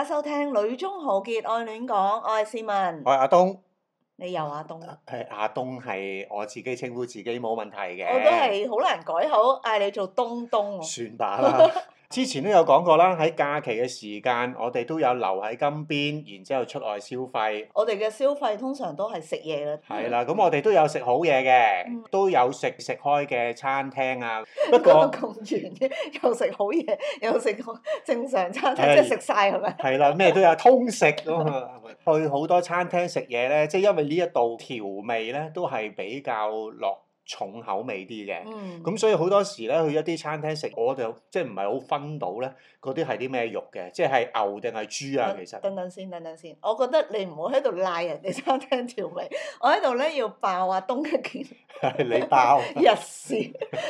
大家收聽《女中豪傑愛戀講》，我係 Simon，我係阿東，你又阿東，係阿、啊啊、東係我自己稱呼自己冇問題嘅，我都係好難改口嗌你做東東，算吧啦。 之前都有講過啦，喺假期嘅時間，我哋都有留喺金邊，然之後出外消費。我哋嘅消費通常都係食嘢啦。係啦的，咁、嗯、我哋都有食好嘢嘅，嗯、都有食食開嘅餐廳啊。不過咁完嘅又食好嘢，又食正常餐廳，即係食晒係咪？係啦，咩都有通食咁啊！去好多餐廳食嘢咧，即係因為調呢一度調味咧都係比較落。重口味啲嘅，咁、嗯、所以好多時咧去一啲餐廳食，我就即係唔係好分到咧嗰啲係啲咩肉嘅，即係牛定係豬啊？其實等等先，等等先，我覺得你唔好喺度賴人哋餐廳調味，我喺度咧要爆阿東吉健，係你爆，日時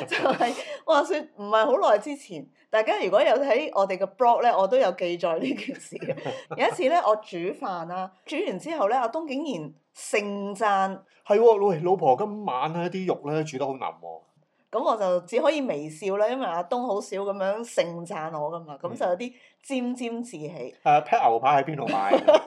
就係、是、話説唔係好耐之前，大家如果有睇我哋嘅 blog 咧，我都有記載呢件事。有一次咧，我煮飯啊，煮完之後咧，阿東竟然～盛讚，係喎，哦，老婆，今晚咧啲肉咧煮得好腍喎。咁我就只可以微笑啦，因為阿東好少咁樣盛讚我噶嘛，咁就有啲，嗯沾沾自喜。誒、呃，劈牛排喺邊度買？係啦，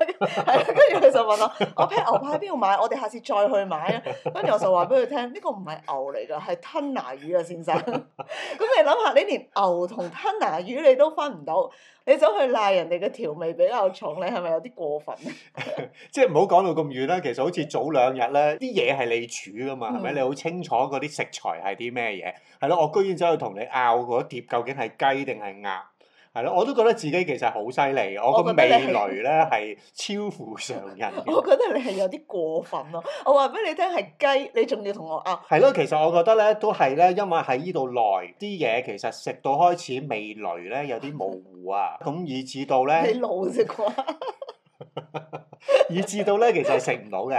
跟住佢就問我： 我劈牛排喺邊度買？我哋下次再去買啊！跟住我就話俾佢聽：呢、這個唔係牛嚟㗎，係吞拿魚啊，先生。咁 你諗下，你連牛同吞拿魚你都分唔到，你走去賴人哋嘅調味比較重，你係咪有啲過分？ 即係唔好講到咁遠啦。其實好似早兩日咧，啲嘢係你煮㗎嘛，係咪？嗯、你好清楚嗰啲食材係啲咩嘢？係咯，我居然走去同你拗嗰碟，究竟係雞定係鴨？係咯，我都覺得自己其實好犀利，我個味蕾咧係超乎常人。我覺得你係有啲過分咯、啊，我話俾你聽係雞，你仲要同我啊？係咯，其實我覺得咧都係咧，因為喺呢度耐啲嘢，其實食到開始味蕾咧有啲模糊啊，咁以至到咧。你老食啩？ 以至到咧，其實食唔到嘅。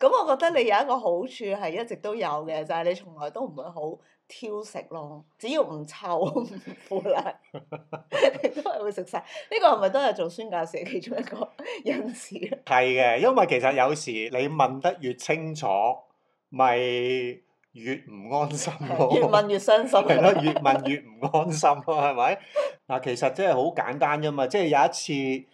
咁 我覺得你有一個好處係一直都有嘅，就係、係、你從來都唔會好。挑食咯，只要唔臭唔腐爛，呵呵 你都係會食晒。呢、這個係咪都係做宣教士其中一個因子啊？係嘅，因為其實有時你問得越清楚，咪越唔安心咯。越問越傷心，人都 越問越唔安心咯，係咪？嗱，其實真係好簡單啫嘛。即、就、係、是、有一次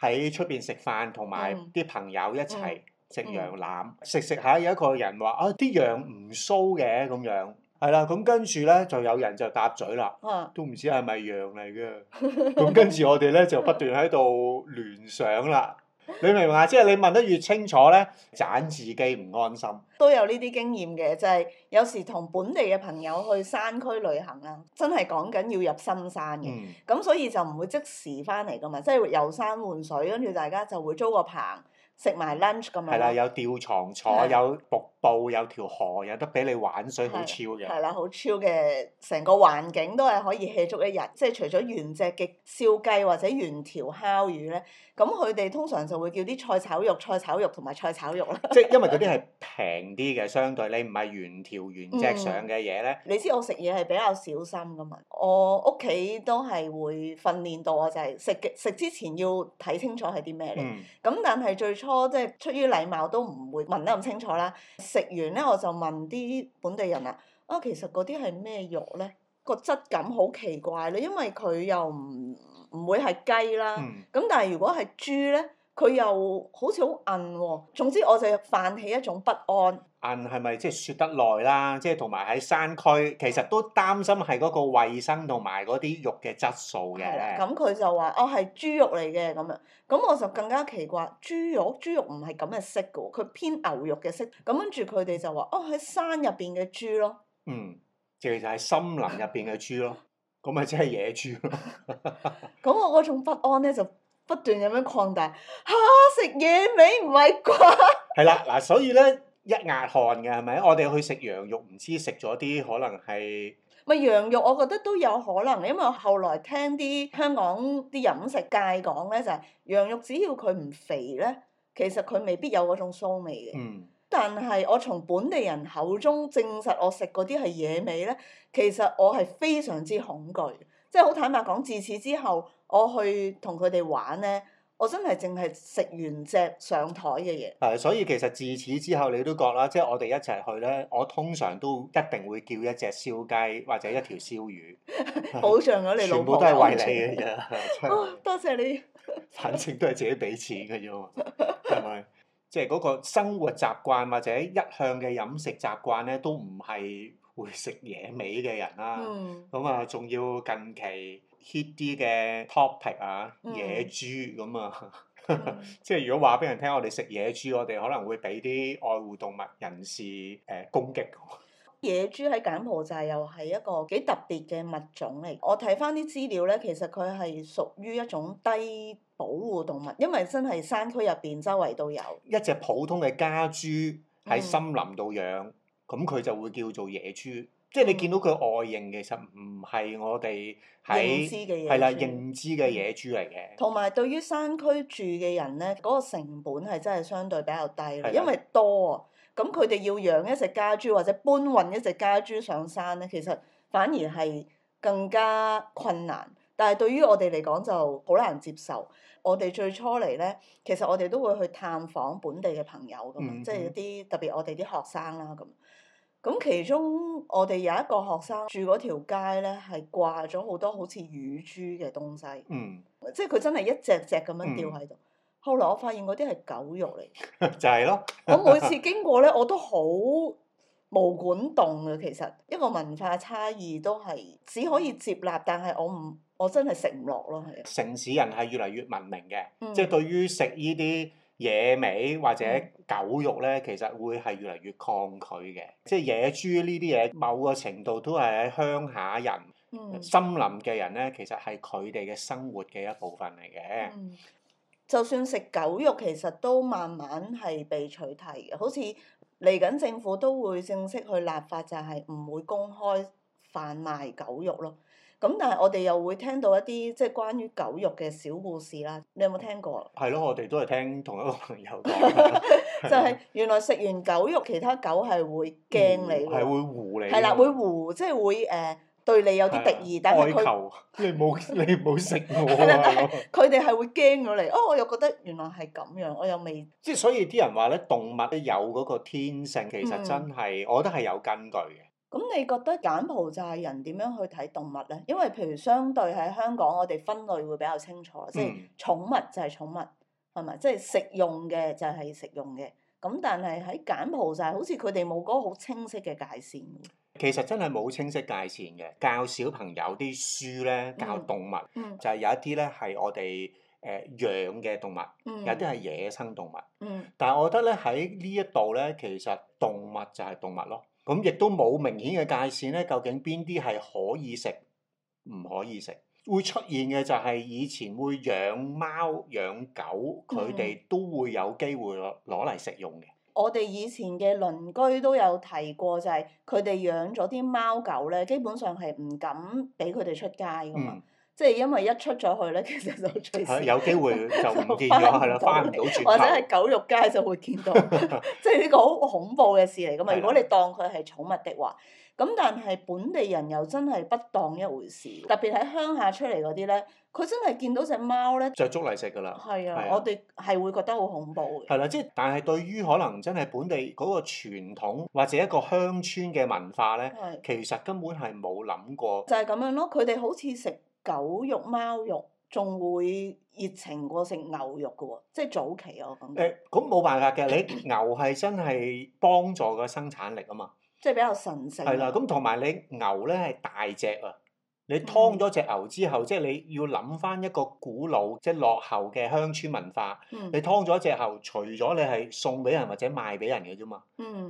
喺出邊食飯，同埋啲朋友一齊食羊腩，食食、嗯嗯、下有一個人話：啊，啲羊唔酥嘅咁樣。係啦，咁跟住咧就有人就答嘴啦，都唔知係咪羊嚟嘅。咁跟住我哋咧就不斷喺度聯想啦。你明唔明啊？即係你問得越清楚咧，盞自己唔安心。都有呢啲經驗嘅，就係有時同本地嘅朋友去山區旅行啦，真係講緊要入深山嘅。咁所以就唔會即時翻嚟噶嘛，即係遊山玩水，跟住大家就會租個棚食埋 lunch 噉樣。係啦，有吊牀坐，有伏。部有條河，有得俾你玩水，好超嘅。係啦，好超嘅，成個環境都係可以 hea 足一日。即係除咗原隻嘅燒雞或者原條烤魚咧，咁佢哋通常就會叫啲菜炒肉、菜炒肉同埋菜炒肉啦。即係因為嗰啲係平啲嘅， 相對你唔係原條原隻上嘅嘢咧。你知我食嘢係比較小心噶嘛？我屋企都係會訓練到我就係食食之前要睇清楚係啲咩嚟。咁、嗯、但係最初即係出於禮貌都唔會問得咁清楚啦。食完咧，我就問啲本地人啦，啊、哦，其實嗰啲係咩肉咧？個質感好奇怪咯，因為佢又唔唔會係雞啦，咁、嗯、但係如果係豬咧，佢又好似好韌喎。總之我就泛起一種不安。硬係咪即係雪得耐啦？即係同埋喺山區，其實都擔心係嗰個衞生同埋嗰啲肉嘅質素嘅。咁佢、嗯、就話：哦係豬肉嚟嘅咁樣。咁我就更加奇怪，豬肉豬肉唔係咁嘅色嘅喎，佢偏牛肉嘅色。咁跟住佢哋就話：哦係山入邊嘅豬咯。嗯，其實係森林入邊嘅豬咯。咁咪即係野豬咯。咁 我嗰種不安咧就不斷咁樣擴大。吓、啊，食野味唔係啩？係 啦，嗱、啊，所以咧。一額汗嘅係咪？我哋去食羊肉，唔知食咗啲可能係咪羊肉，我覺得都有可能，因為我後來聽啲香港啲飲食界講咧，就係羊肉只要佢唔肥咧，其實佢未必有嗰種臊味嘅。嗯。但係我從本地人口中證實，我食嗰啲係野味咧，其實我係非常之恐懼，即係好坦白講，自此之後，我去同佢哋玩咧。我真係淨係食完隻上枱嘅嘢。係，所以其實自此之後，你都覺啦，即係我哋一齊去咧，我通常都一定會叫一隻燒雞或者一條燒魚， 保障咗你老婆。全部都係為你嘅啫。 多謝你。反 正都係自己俾錢嘅啫嘛，係咪？即係嗰個生活習慣或者一向嘅飲食習慣咧，都唔係會食野味嘅人啦。嗯。咁啊，仲要近期。hit 啲嘅 topic 啊，野豬咁啊，嗯、 即係如果話俾人聽，我哋食野豬，我哋可能會俾啲愛護動物人士誒、啊、攻擊。野豬喺柬埔寨又係一個幾特別嘅物種嚟，我睇翻啲資料咧，其實佢係屬於一種低保護動物，因為真係山區入邊周圍都有。一隻普通嘅家豬喺森林度養，咁佢、嗯、就會叫做野豬。即係你見到佢外形，其實唔係我哋喺係啦認知嘅野豬嚟嘅。同埋對於山區住嘅人咧，嗰個成本係真係相對比較低嘅，因為多啊。咁佢哋要養一隻家豬或者搬運一隻家豬上山咧，其實反而係更加困難。但係對於我哋嚟講就好難接受。我哋最初嚟咧，其實我哋都會去探訪本地嘅朋友噶嘛，即係啲特別我哋啲學生啦咁。咁其中我哋有一個學生住嗰條街咧，係掛咗好多好似乳豬嘅東西，嗯、即係佢真係一隻隻咁樣吊喺度。嗯、後來我發現嗰啲係狗肉嚟，就係咯。我每次經過咧， 我都好冇管動嘅。其實一個文化差異都係只可以接納，但係我唔我真係食唔落咯。係啊。城市人係越嚟越文明嘅，嗯、即係對於食呢啲。野味或者狗肉咧，其實會係越嚟越抗拒嘅。即係野豬呢啲嘢，某個程度都係喺鄉下人、嗯、森林嘅人咧，其實係佢哋嘅生活嘅一部分嚟嘅、嗯。就算食狗肉，其實都慢慢係被取替嘅。好似嚟緊政府都會正式去立法，就係唔會公開販賣狗肉咯。咁但係我哋又會聽到一啲即係關於狗肉嘅小故事啦，你有冇聽過？係咯，我哋都係聽同一個朋友講。就係原來食完狗肉，其他狗係會驚你。係、嗯、會糊你。係啦，會糊，即係會誒、呃、對你有啲敵意，的但係佢你冇你冇食我啊！佢哋係會驚咗嚟。哦，我又覺得原來係咁樣，我又未即係所以啲人話咧，動物都有嗰個天性，其實真係、嗯、我覺得係有根據嘅。咁你覺得柬埔寨人點樣去睇動物咧？因為譬如相對喺香港，我哋分類會比較清楚，即係寵物就係寵物，係咪？即係食用嘅就係食用嘅。咁但係喺柬埔寨，好似佢哋冇嗰個好清晰嘅界線。其實真係冇清晰界線嘅。教小朋友啲書咧，教動物，嗯嗯、就係有一啲咧係我哋誒養嘅動物，嗯、有啲係野生動物。嗯、但係我覺得咧喺呢一度咧，其實動物就係動物咯。咁亦都冇明顯嘅界線咧，究竟邊啲係可以食，唔可以食？會出現嘅就係以前會養貓養狗，佢哋、嗯、都會有機會攞嚟食用嘅。我哋以前嘅鄰居都有提過、就係，就係佢哋養咗啲貓狗咧，基本上係唔敢俾佢哋出街噶嘛。嗯即係因為一出咗去咧，其實就隨時有機會就唔見咗，係咯，翻唔到，或者係狗肉街就會見到。 即係呢個好恐怖嘅事嚟噶嘛！是的 如果你當佢係寵物的話，咁但係本地人又真係不當一回事。特別喺鄉下出嚟嗰啲咧，佢真係見到隻貓咧，就捉嚟食噶啦。係啊，我哋係會覺得好恐怖。係啦，即係但係對於可能真係本地嗰個傳統或者一個鄉村嘅文化咧，是的 其實根本係冇諗過。就係咁樣咯，佢哋好似食。狗肉、貓肉仲會熱情過食牛肉㗎喎，即係早期我講。誒、欸，咁冇辦法嘅， 你牛係真係幫助個生產力啊嘛。即係比較神聖。係啦，咁同埋你牛咧係大隻啊。你劏咗隻牛之後，嗯、即係你要諗翻一個古老即係、就是、落後嘅鄉村文化。嗯、你劏咗隻牛，除咗你係送俾人或者賣俾人嘅啫嘛。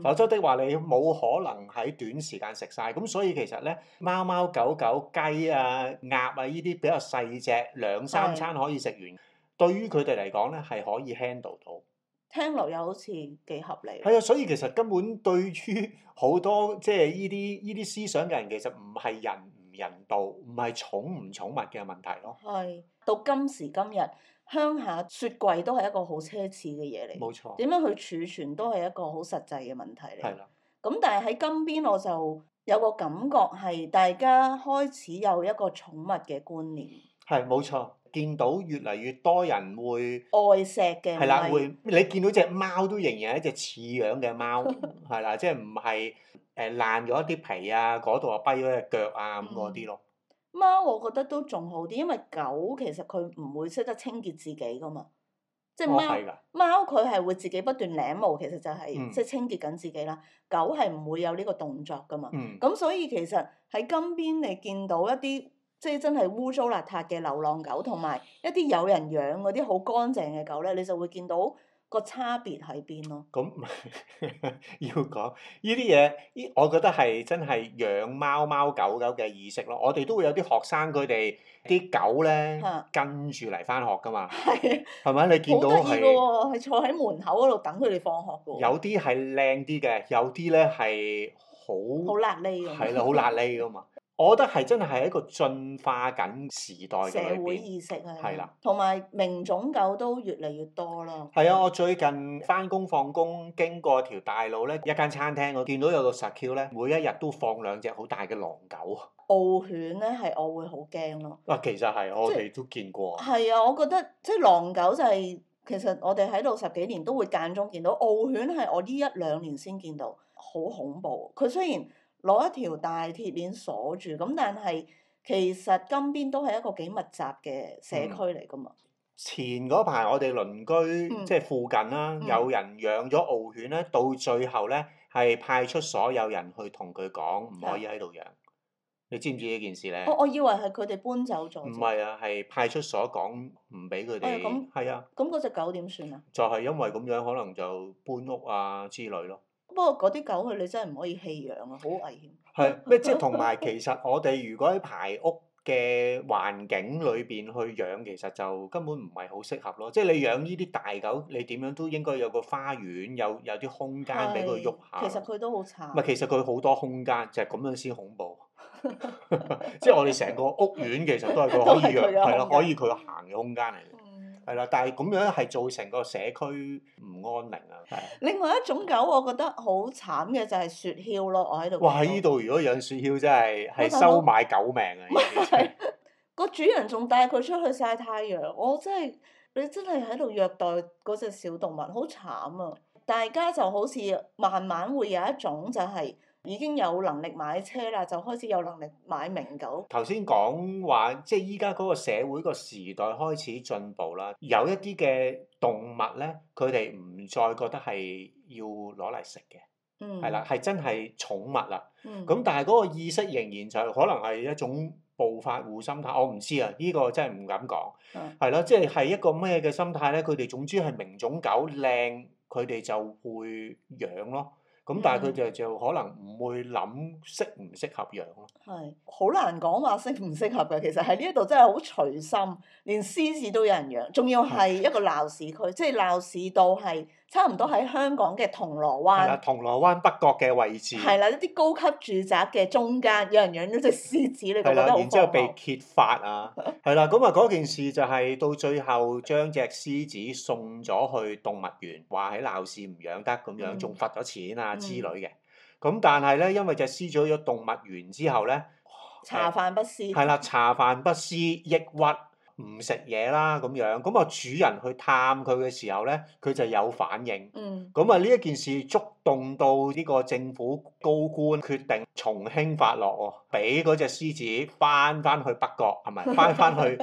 否則、嗯、的話，你冇可能喺短時間食晒。咁所以其實呢，貓貓狗狗、雞啊、鴨啊呢啲比較細隻，兩三餐可以食完，的對於佢哋嚟講呢係可以 handle 到。聽落又好似幾合理。係啊，所以其實根本對於好多即係呢啲呢啲思想嘅人，其實唔係人。人道唔係寵唔寵物嘅問題咯，係到今時今日，鄉下雪櫃都係一個好奢侈嘅嘢嚟，冇錯。點樣去儲存都係一個好實際嘅問題嚟，係啦。咁但係喺金邊我就有個感覺係，大家開始有一個寵物嘅觀念，係冇錯。見到越嚟越多人會愛錫嘅，係啦，是會你見到隻貓都仍然係一隻似樣嘅貓，係 啦，即係唔係誒爛咗一啲皮啊，嗰度啊跛咗隻腳啊咁嗰啲咯。貓我覺得都仲好啲，因為狗其實佢唔會識得清潔自己噶嘛，即係貓、哦、貓佢係會自己不斷舐毛，其實就係即係清潔緊自己啦。狗係唔會有呢個動作噶嘛，咁、嗯、所以其實喺金邊你見到一啲。即係真係污糟邋遢嘅流浪狗，同埋一啲有人養嗰啲好乾淨嘅狗咧，你就會見到個差別喺邊咯。咁這樣 要講呢啲嘢，我覺得係真係養貓貓狗狗嘅意識咯。我哋都會有啲學生佢哋啲狗咧，啊、跟住嚟翻學噶嘛。係，係咪你見到係、啊、坐喺門口嗰度等佢哋放學噶？有啲係靚啲嘅，有啲咧係好，好邋哩，係啦，好辣哩噶嘛。我覺得係真係一個進化緊時代嘅社會意識、啊，係啦的，同埋名種狗都越嚟越多啦。係啊，我最近翻工放工經過條大路咧，一間餐廳我見到有個實跳咧，每一日都放兩隻好大嘅狼狗。獒犬咧係我會好驚咯。啊，其實係我哋都見過。係啊，我覺得即係狼狗就係、是、其實我哋喺度十幾年都會間中見到，獒犬係我呢一兩年先見到，好恐怖。佢雖然。攞一條大鐵鏈鎖住，咁但係其實金邊都係一個幾密集嘅社區嚟噶嘛。嗯、前嗰排我哋鄰居即係、就是、附近啦，嗯、有人養咗獒犬咧，到最後咧係派出所有人去同佢講唔可以喺度養，的你知唔知呢件事咧？我、哦、我以為係佢哋搬走咗。唔係啊，係派出所講唔俾佢哋，係、哎嗯、啊。咁嗰隻狗點算啊？就係因為咁樣，可能就搬屋，屋啊之類咯。不過嗰啲狗佢你真係唔可以棄養啊，好危險。係，咩即係同埋其實我哋如果喺排屋嘅環境裏邊去養，其實就根本唔係好適合咯。即係你養呢啲大狗，你點樣都應該有個花園，有有啲空間俾佢喐下。其實佢都好差。唔係，其實佢好多空間，就係咁樣先恐怖。 即係我哋成個屋苑其實都係佢可以養，係啦，可以佢行嘅空間嚟。係啦，但係咁樣係造成個社區唔安寧啊！另外一種狗，我覺得好慘嘅就係雪橇咯，我喺度。哇！喺依度如果養雪橇真係係收買狗命啊！個是的 主人仲帶佢出去曬太陽，我真係你真係喺度虐待嗰隻小動物，好慘啊！大家就好似慢慢會有一種就係、是。已經有能力買車啦，就開始有能力買名狗。頭先講話，即係依家嗰個社會個時代開始進步啦，有一啲嘅動物咧，佢哋唔再覺得係要攞嚟食嘅，係啦，嗯，係真係寵物啦。咁，嗯，但係嗰個意識仍然就可能係一種暴發戶心態，我唔知啊，呢個真係唔敢講。係咯，嗯，即係係一個咩嘅心態咧？佢哋總之係名種狗靚，佢哋就會養咯。咁但係佢就就可能唔會諗適唔適合養咯，係好難講話適唔適合嘅。其實喺呢一度真係好隨心，連獅子都有人養，仲要係一個鬧市區，的即係鬧市度係。差唔多喺香港嘅銅鑼灣，係啦，銅鑼灣北角嘅位置，係啦一啲高級住宅嘅中間，有人養咗隻獅子，的你覺得。然之後被揭發啊，係啦， 咁啊嗰件事就係到最後將隻獅子送咗去動物園，話喺鬧市唔養得咁樣，仲罰咗錢啊之類嘅。咁、嗯、但係咧，因為隻獅子去咗動物園之後咧，茶飯不思，係啦，茶飯不思，抑鬱。唔食嘢啦咁樣，咁啊主人去探佢嘅時候咧，佢就有反應。嗯。咁啊呢一件事觸動到呢個政府高官，決定從輕發落喎，俾嗰隻獅子翻翻去北國，係咪？翻翻 去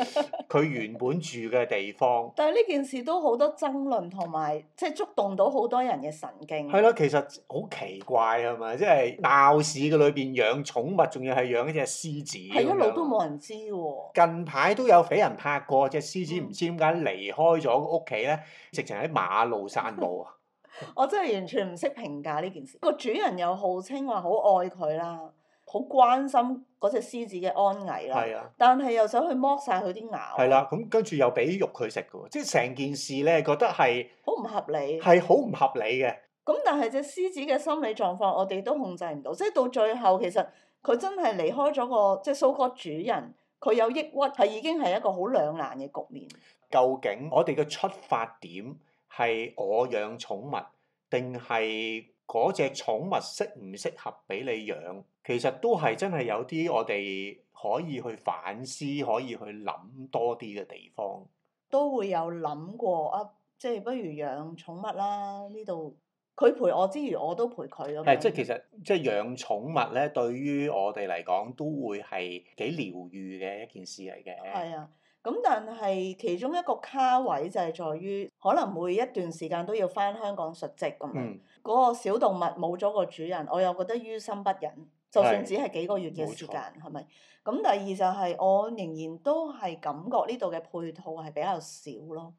佢原本住嘅地方。但係呢件事都好多爭論同埋，即係觸動到好多人嘅神經。係咯、嗯，其實好奇怪吖嘛。即係鬧市嘅裏邊養寵物，仲要係養一隻獅子。係一路都冇人知喎。近排都有俾人嚇過隻獅子唔知點解離開咗屋企咧，直情喺馬路散步啊！ 我真係完全唔識評價呢件事。個主人又號稱話好愛佢啦，好關心嗰隻獅子嘅安危啦，啊、但係又想去剝晒佢啲牙。係啦、啊，咁跟住又俾肉佢食嘅喎，即係成件事咧，覺得係好唔合理，係好唔合理嘅。咁但係隻獅子嘅心理狀況，我哋都控制唔到，即係到最後其實佢真係離開咗個即係蘇哥主人。佢有抑鬱，係已經係一個好兩難嘅局面。究竟我哋嘅出發點係我養寵物，定係嗰隻寵物適唔適合俾你養？其實都係真係有啲我哋可以去反思，可以去諗多啲嘅地方。都會有諗過啊，即係不如養寵物啦，呢度。佢陪我之餘，我都陪佢啊。係即係其實即係養寵物咧，對於我哋嚟講都會係幾療愈嘅一件事嚟嘅。係啊，咁但係其中一個卡位就係在於，可能每一段時間都要翻香港述職咁樣。嗯。嗰個小動物冇咗個主人，我又覺得於心不忍。就算只係幾個月嘅時間，係咪？咁第二就係、是、我仍然都係感覺呢度嘅配套係比較少咯。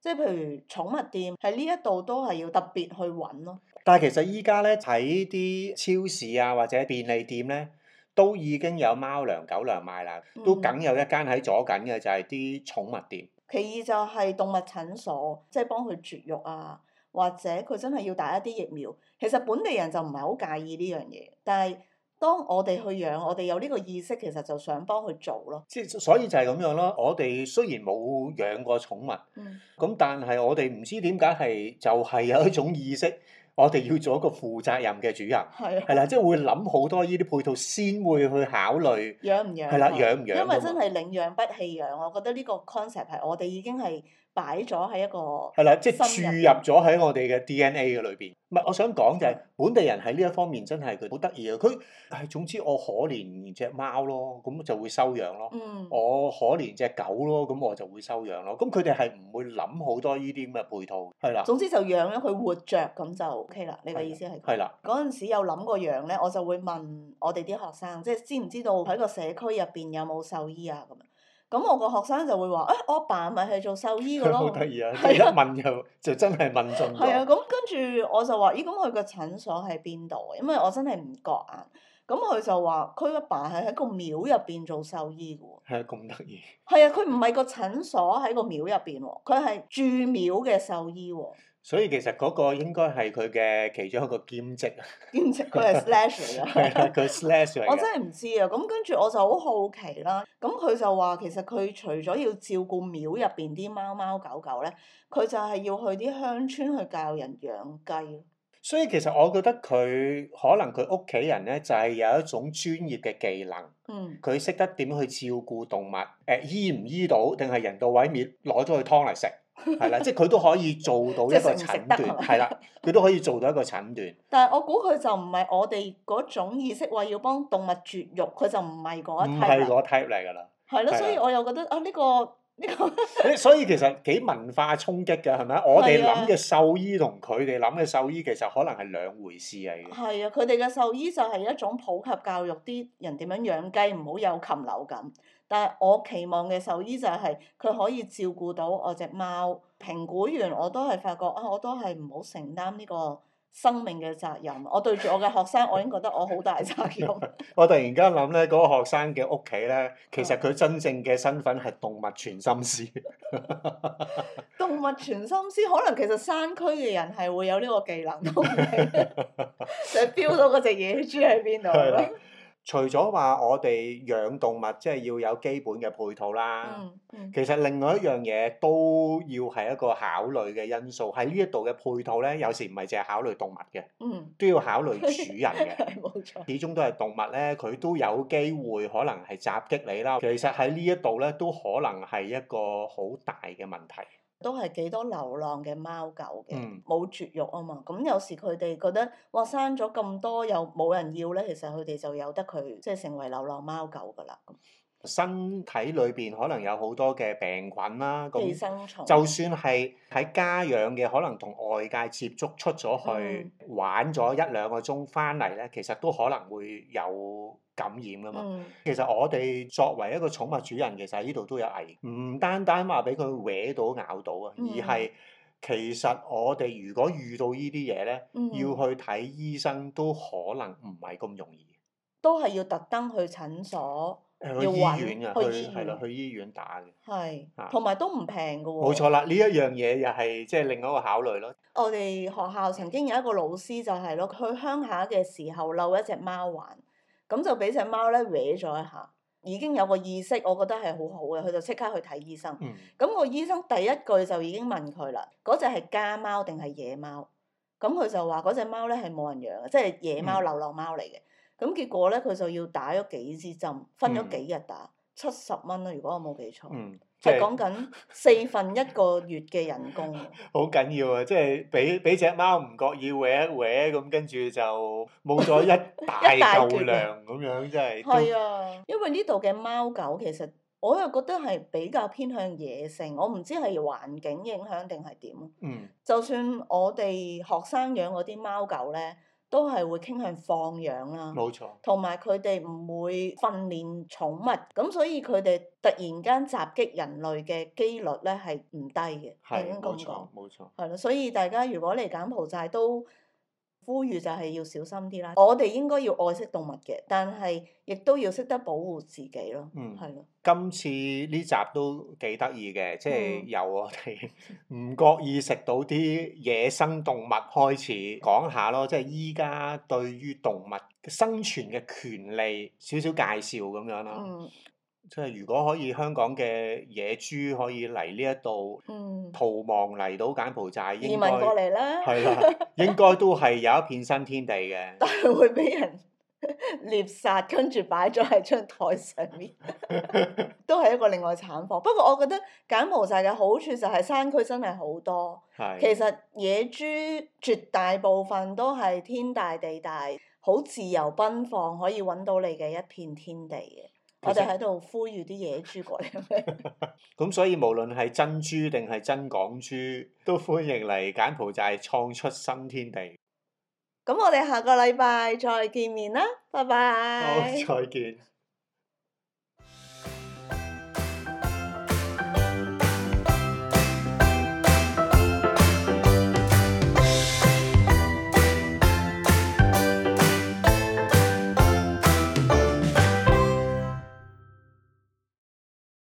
即係譬如寵物店喺呢一度都係要特別去揾咯。但係其實依家咧喺啲超市啊或者便利店咧，都已經有貓糧狗糧賣啦。都梗有一間喺左近嘅就係啲寵物店。其二就係動物診所，即係幫佢絕育啊，或者佢真係要打一啲疫苗。其實本地人就唔係好介意呢樣嘢，但係，當我哋去養，我哋有呢個意識，其實就想幫佢做咯。即係所以就係咁樣咯。我哋雖然冇養過寵物，咁、嗯、但係我哋唔知點解係就係、是、有一種意識，我哋要做一個負責任嘅主人，係啦、啊啊，即係會諗好多呢啲配套先會去考慮養唔養，係啦、啊，養唔養，因為真係領養不棄養，我覺得呢個 concept 係我哋已經係。擺咗喺一個係啦， 即係注入咗喺我哋嘅 DNA 嘅裏邊。唔係，我想講就係、是嗯、本地人喺呢一方面真係佢好得意啊。佢係總之我可憐隻貓咯，咁就會收養咯。嗯、我可憐隻狗咯，咁我就會收養咯。咁佢哋係唔會諗好多呢啲咁嘅配套。係啦，總之就養咗佢活着咁就 OK 啦。你嘅意思係係啦。嗰陣的時有諗過養咧，我就會問我哋啲學生，即係知唔知道喺個社區入邊有冇獸醫啊咁。咁我個學生就會話：誒、欸，我阿爸咪係做獸醫嘅咯。好得意啊！第一問就 就真係問中。係 啊，咁跟住我就話：咦，咁佢個診所喺邊度？因為我真係唔覺眼啊。咁佢就話：佢阿爸係喺個廟入邊做獸醫嘅喎。係啊，咁得意。係啊，佢唔係個診所喺個廟入邊喎，佢係住廟嘅獸醫喎。所以其實嗰個應該係佢嘅其中一個兼職，職，兼職佢係 slash 嚟嘅。佢 slash 嚟。我真係唔知啊！咁跟住我就好好奇啦。咁佢就話其實佢除咗要照顧廟入邊啲貓貓狗狗咧，佢就係要去啲鄉村去教人養雞。所以其實我覺得佢可能佢屋企人咧就係、是、有一種專業嘅技能。嗯。佢識得點去照顧動物？誒、呃，醫唔醫到？定係人道毀滅攞咗去劏嚟食？係啦， 即係佢都可以做到一個診斷，係啦， 佢都可以做到一個診斷。但係我估佢就唔係我哋嗰種意識話要幫動物絕育，佢就唔係嗰 type 啦。唔係嗰 type 嚟㗎啦。係咯，所以我又覺得的啊，呢、呢個。呢個， 所以其實幾文化衝擊嘅係咪啊？是的 我哋諗嘅獸醫同佢哋諗嘅獸醫其實可能係兩回事嚟嘅。係啊，佢哋嘅獸醫就係一種普及教育，啲人點樣養雞唔好有禽流感。但係我期望嘅獸醫就係佢可以照顧到我隻貓。評估完我都係發覺啊，我都係唔好承擔呢個生命嘅責任，我對住我嘅學生，我已經覺得我好大責任。 我突然間諗咧，嗰、那個學生嘅屋企咧，其實佢真正嘅身份係動物傳心師。 動物傳心師可能其實山區嘅人係會有呢個技能，成日標到嗰隻野豬喺邊度。 除咗話我哋養動物，即係要有基本嘅配套啦。嗯嗯、其實另外一樣嘢都要係一個考慮嘅因素，喺呢一度嘅配套呢，有時唔係淨係考慮動物嘅，嗯、都要考慮主人嘅。始終 都係動物呢，佢都有機會可能係襲擊你啦。其實喺呢一度呢，都可能係一個好大嘅問題。都係幾多流浪嘅貓狗嘅，冇、嗯、絕育啊嘛，咁有時佢哋覺得，哇，生咗咁多又冇人要咧，其實佢哋就由得佢，即、就、係、是、成為流浪貓狗噶啦。身體裏邊可能有好多嘅病菌啦，寄生蟲，就算係喺家養嘅，可能同外界接觸出咗去，嗯、玩咗一兩個鐘翻嚟咧，其實都可能會有。感染㗎嘛，嗯、其實我哋作為一個寵物主人，其實喺呢度都有危險，唔單單話俾佢搲到咬到啊，嗯、而係其實我哋如果遇到呢啲嘢咧，嗯、哼要去睇醫生都可能唔係咁容易，都係要特登去診所，要去醫院㗎，去係咯，去，的去醫院打嘅。係同埋都唔平㗎喎。冇錯啦，呢一樣嘢又係即係另外一個考慮咯。我哋學校曾經有一個老師就係咯，佢鄉下嘅時候漏一隻貓玩。咁就俾隻貓咧搲咗一下，已經有個意識，我覺得係好好嘅，佢就即刻去睇醫生。咁、嗯、個醫生第一句就已經問佢啦，嗰隻係家貓定係野貓？咁佢就話嗰隻貓咧係冇人養嘅，即係野貓、嗯、流浪貓嚟嘅。咁結果咧佢就要打咗幾支針，分咗幾日打，嗯、七十蚊啦，如果我冇記錯。嗯係講緊四份一個月嘅人工。好緊 要啊！即係俾俾隻貓唔覺意搲一搲咁，跟住就冇咗一大嚿糧咁樣，真係。係啊。因為呢度嘅貓狗其實，我又覺得係比較偏向野性。我唔知係環境影響定係點。嗯。就算我哋學生養嗰啲貓狗咧。都係會傾向放養啦，冇錯。同埋佢哋唔會訓練寵物，咁所以佢哋突然間襲擊人類嘅機率咧係唔低嘅，應該咁講，冇錯，係咯，所以大家如果嚟柬埔寨都。呼籲就係要小心啲啦，我哋應該要愛惜動物嘅，但係亦都要識得保護自己咯。嗯，係咯。今次呢集都幾得意嘅，即係由我哋唔覺意食到啲野生動物開始講下咯，即係依家對於動物生存嘅權利少少介紹咁樣咯。嗯。即係如果可以，香港嘅野豬可以嚟呢一度逃亡嚟到柬埔寨，移民過嚟咧，係啦的， 應該都係有一片新天地嘅。但係會俾人獵殺，跟住擺咗喺張台上面， 都係一個另外慘況。不過我覺得柬埔寨嘅好處就係山區真係好多，的其實野豬絕大部分都係天大地大，好自由奔放，可以揾到你嘅一片天地嘅。我哋喺度呼籲啲野豬過嚟。咁所以無論係真豬定係真港豬，都歡迎嚟柬埔寨創出新天地。咁我哋下個禮拜再見面啦，拜拜。好，再見。